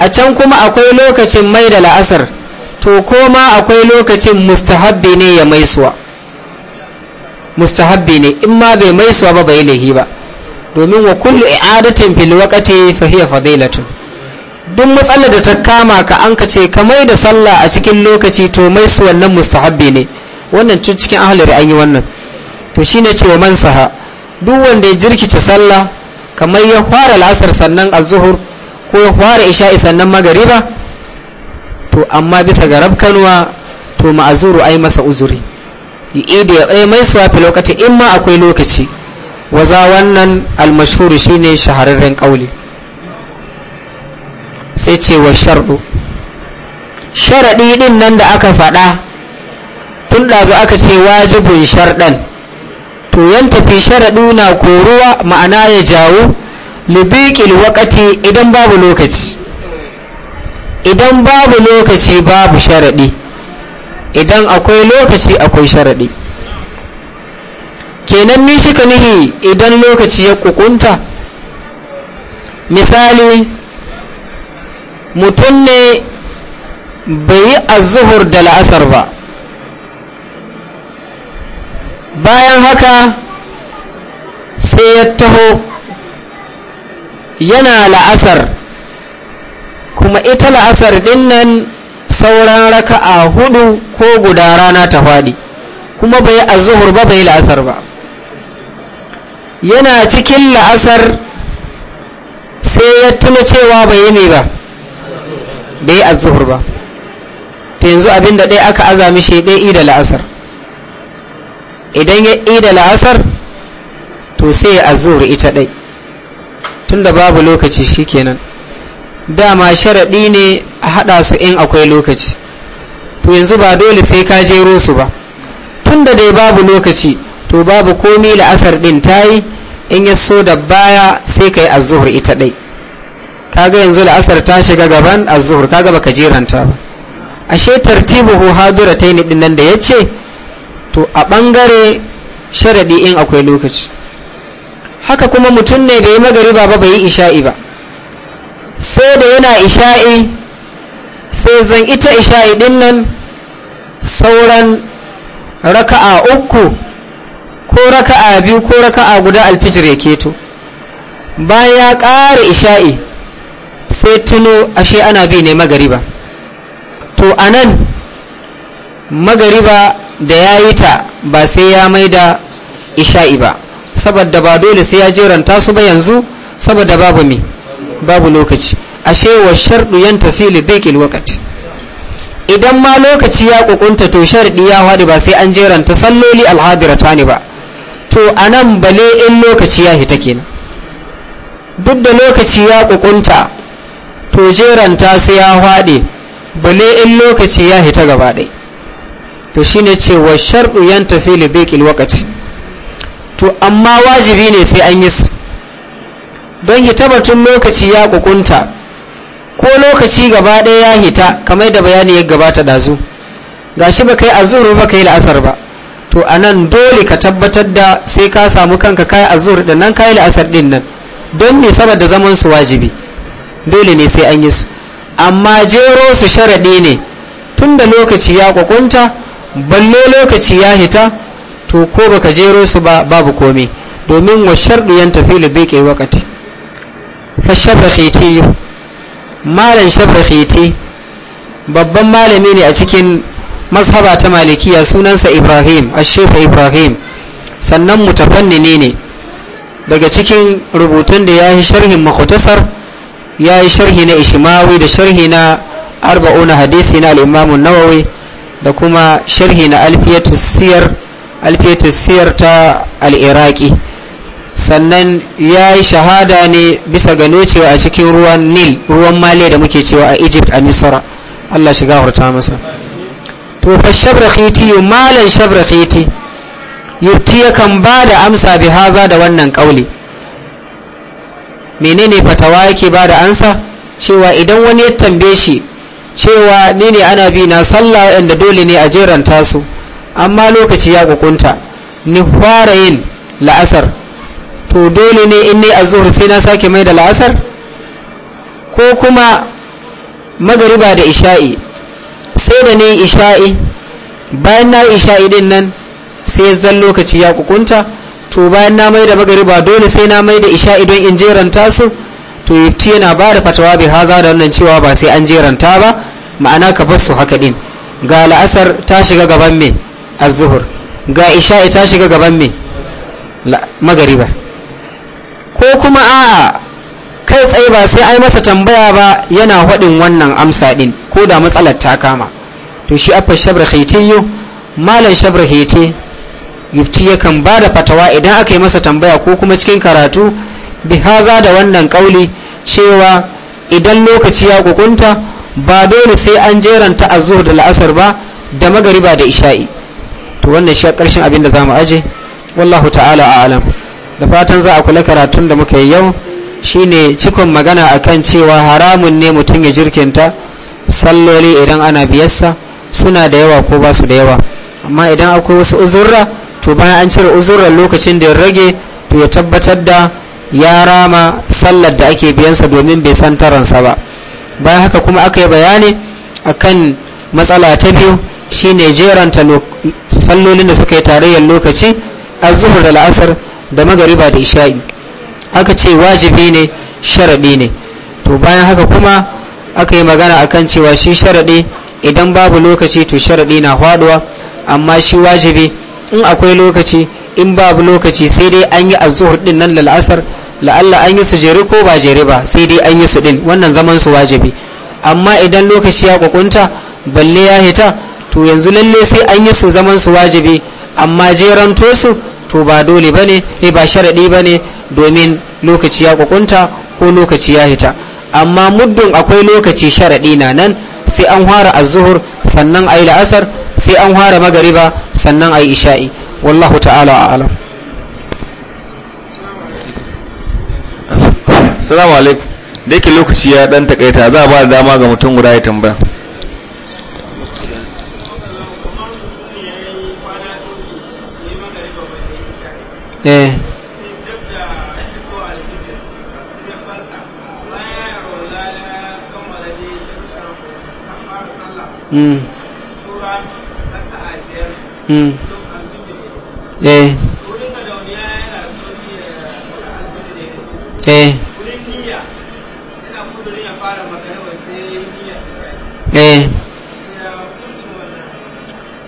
[SPEAKER 1] a can kuma akwai lokacin mai da la'asar to koma akwai lokacin mustahabbi ne ya mai suwa mustahabbi ne in ma bai mai suwa ba bai lahi ba domin wa kullu i'adatin fil waqti fa hiya fadilatun duk matsalar da ta kama ka an ka ce ka mai da sallah a cikin lokaci to mai su wannan mustahabbi ne wannan tun cikin ahalar an yi wannan to shi ce wa man saha duk wanda ya jirkice sallah kamar ya fara la'asar sannan zuhur ko ya fara isha'i sannan magariba to amma bisa ga rabkanwa to ma'azuru ai masa uzuri idi ya mai suwa fi lokaci in ma akwai lokaci waza wannan almashhur shine shahararren kauli sai ce wa sharɗu sharaɗi ɗin nan da aka faɗa tun ɗazu aka ce wajibin sharɗan to yan tafi sharaɗu na koruwa ma'ana ya jawo libiƙil wakati idan babu lokaci idan babu lokaci babu sharaɗi idan akwai lokaci akwai sharaɗi kenan ni shi nihi idan lokaci ya kukunta misali mutum ne bai yi azuhur da la'asar ba bayan haka sai ya taho yana la'asar kuma ita la'asar din nan sauran raka'a hudu ko guda rana ta faɗi kuma bai azuhur ba bai la'asar ba yana cikin la'asar sai ya tuna cewa bai yi ne ba bai azuhur ba to yanzu abin da ɗaya aka aza shi ɗaya ida la'asar idan ya ida la'asar to sai ya azuhur ita ɗai tunda babu lokaci shikenan dama sharaɗi ne a haɗa su in akwai lokaci to yanzu ba dole sai ka jero su ba tunda dai babu lokaci to babu komi la'asar ɗin ta yi in ya so da baya sai ka yi azuhur ita ɗai kaga yanzu la'asar ta shiga gaban az kaga baka jiranta ba ashe tartibuhu hadiratayn din nan da yace to a bangare sharadi in akwai lokaci haka kuma mutum ne bai magariba ba yi isha'i ba sai da yana isha'i sai zan ita isha'i din nan sauran raka'a uku ko raka'a biyu ko raka'a guda alfijir ya keto bayan ya ƙara isha'i sai tuno ashe ana bi ne magariba to anan magariba da ya yi ta ba sai ya mai da isha'i ba saboda ba dole sai ya jeranta su ba yanzu saboda babu mi babu lokaci ashe wa shardu yan tafi lidikil wakati idan ma lokaci ya kukunta to sharɗi ya haɗu ba sai an jeranta salloli alhadirata ne ba to a nan bale in lokaci ya hita kenan duk da lokaci ya kukunta to jeranta su ya haɗe bale in lokaci ya hita gaba ɗai to shine ce wa sharɗu yan tafi libeƙil wakati to amma wajibi ne sai an yi su don hita batun lokaci ya kukunta ko lokaci gaba ɗaya ya hita kamar da bayani ya gabata ɗazu shi ba kai zuru ba kai la'asar ba to a nan dole ka tabbatar da sai ka samu kanka kai azur da nan kai la'asar din nan don me saboda zaman su wajibi dole ne sai an yi su amma jero su sharaɗi ne tun da lokaci ya kwakunta balle lokaci ya hita to ko baka jero su ba babu komi domin wa sharɗu yan tafi da bai kai wakati fa shafakhiti malam shafakhiti babban malami ne a cikin mazhaba ta malikiya sunansa ibrahim ashefa ibrahim sannan mutafanni ne daga cikin rubutun da ya yi sharhin mahutasar ya yi sharhi na ishimawi da sharhi na arba'una hadisi na al'imamun nawawi da kuma sharhi na alfiyatus siyar ta al'iraki sannan ya yi shahada ne bisa ga cewa a cikin ruwan nil ruwan male da muke cewa a egypt a misra allah shiga hurta masa to fa shabrakhiti malan shabrakhiti yuti yakan ba da amsa bi haza da wannan kauli menene fatawa yake ba da ansa cewa idan wani ya tambaye shi cewa ni ne ana bi na sallah inda dole ne a jeran tasu amma lokaci ya kukunta ni fara yin la'asar to dole ne in ne a zuhur sai na sake mai da la'asar ko kuma magariba da isha'i sai da ni isha'i bayan na isha'i din nan sai zan lokaci ya kukunta to bayan na mai da magari ba dole sai na mai da isha idan in jeranta su to yabti yana ba da fatawa bai haza da wannan cewa ba sai an jeranta ba ma'ana ka bar su haka din ga la'asar ta shiga gaban me az-zuhur ga isha ta shiga gaban me magariba ko kuma a'a kai tsaye ba sai ai masa tambaya ba yana haɗin wannan amsa din. ko da matsalar ta kama to shi afa shabar haitiyo malam shabar haite yufti yakan ba da fatawa idan aka yi masa tambaya ko kuma cikin karatu bi haza da wannan kauli cewa idan lokaci ya kukunta ba dole sai an jeranta azhur da la'asar ba da magariba da isha'i to wannan shi karshen abin da zamu aje wallahu ta'ala a'lam da fatan za a kula karatun da muka yi yau shine cikon magana akan cewa haramun ne mutum ya jirkinta salloli idan ana biyarsa suna da yawa ko ba su da yawa amma idan akwai wasu uzurra to bayan an cire uzurar lokacin da ya rage to ya tabbatar da ya rama sallar da ake biyansa domin bai san taransa ba bayan haka kuma aka yi bayani akan matsala ta biyu shine jeranta sallolin da suka yi tarayyar lokaci azuhur da la'asar da magariba da isha'i aka ce wajibi ne sharaɗi ne to bayan haka kuma aka yi magana akan cewa shi sharaɗi idan babu lokaci to sharaɗi na faɗuwa amma shi wajibi in akwai lokaci in babu lokaci sai dai an yi azuhur din nan lal'asar la'alla an yi su jere ko ba jere ba sai dai an yi su din wannan zaman su wajibi amma idan lokaci ya kwakunta balle ya hita to yanzu lalle sai an yi su zaman su wajibi amma jeranto su to ba dole ba ne eh, ba sharaɗi ba ne domin lokaci ya kwakunta ko lokaci ya hita amma muddin akwai lokaci sharaɗi na nan sai an fara azzuhur sannan ayi la'asar sai an fara magariba sannan ayi isha'i wallahu ta'ala a'lam assalamu alaikum da yake lokaci ya dan takaita za a ba da dama ga mutum guda ya tambaya eh Hmm. Eh. Eh. Eh.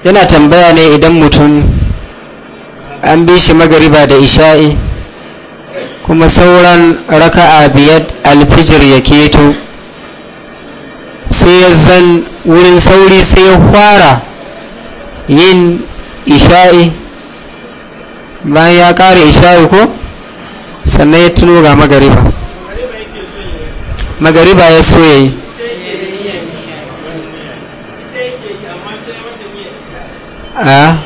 [SPEAKER 1] yana tambaya ne idan mutum an bi shi magariba da isha'i kuma sauran raka'a biyar alfijir ya keto sai ya zan wurin sauri sai ya fara yin isha'i bayan ya kare isha'i ko sannan ya tuno ga magariba magariba ya so ya yi a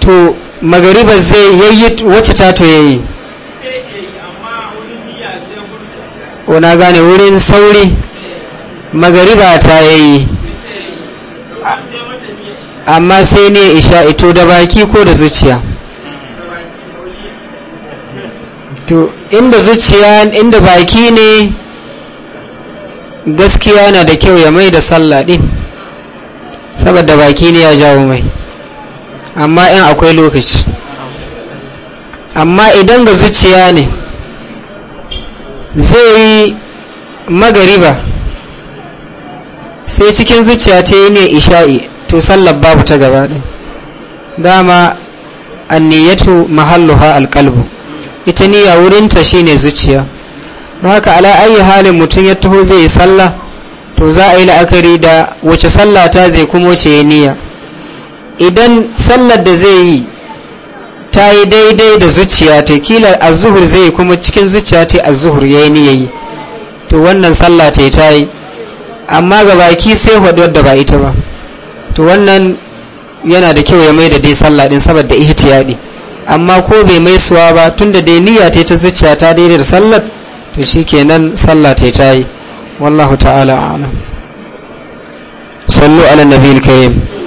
[SPEAKER 1] to magariba zai yayi wacce tato ya yi na gane wurin sauri magariba ta yayi amma sai ne isha ito da baki ko da zuciya to inda zuciya inda baki ne gaskiya na da kyau ya mai da sallah din saboda baki ne ya jawo mai amma in akwai lokaci amma idan ga zuciya ne zai yi magariba sai cikin zuciya ta yi ne isha'i to sallar babu ta gaba ɗin dama anniyatu mahalluha alƙalbu ita niyya wurinta shine zuciya Ba haka ala ayi halin mutum ya taho zai yi sallah to za a yi la'akari da wace sallah ta zai kuma wace ya niyya idan sallar da zai yi ta yi daidai da zuciya ta kila azuhur zai kuma cikin zuciya ta azuhur ya yi niyyayi to wannan sallah ta yi ta yi amma ga baki sai hudu wadda ba ita ba to wannan yana da kyau ya mai da dai sallah din saboda ihtiyadi amma ko bai mai suwa ba tunda dai niyya ta ta zuciya ta daidai da sallar to shikenan sallah ta ta yi wallahu ta'ala a'lam sallu ala nabiyil karim